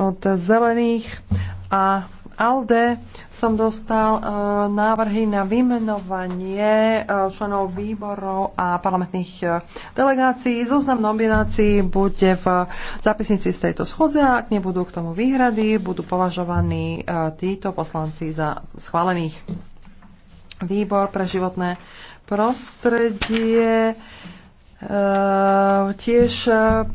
od zelených a ALDE som dostal e, návrhy na vymenovanie e, členov výborov a parlamentných e, delegácií. Zoznam nominácií bude v zápisnici z tejto schodze a ak nebudú k tomu výhrady, budú považovaní e, títo poslanci za schválených. Výbor pre životné prostredie e, tiež e,